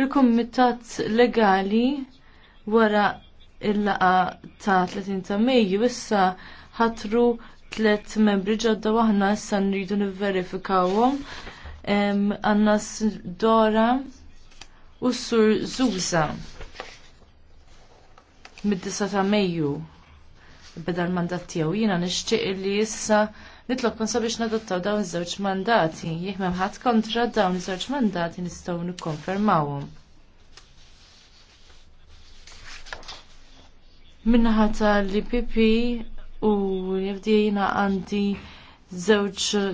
Il-Kumitat Legali wara il-laqa ta' 30 ta' Mejju issa ħatru tliet membri ġodda waħna issa nridu nivverifikawhom. Għanna Dora u Sur Zuza mid-9 ta' Mejju beda l-mandat tiegħu jiena nixtieq li issa konsa sabiex nadottaw dawn iż-żewġ mandati. Jekk m'hemm ħadd kontra dawn iż-żewġ mandati nistgħu nikkonfermawhom. Minnaħa tal-PP u jibdijina jiena għandi żewġ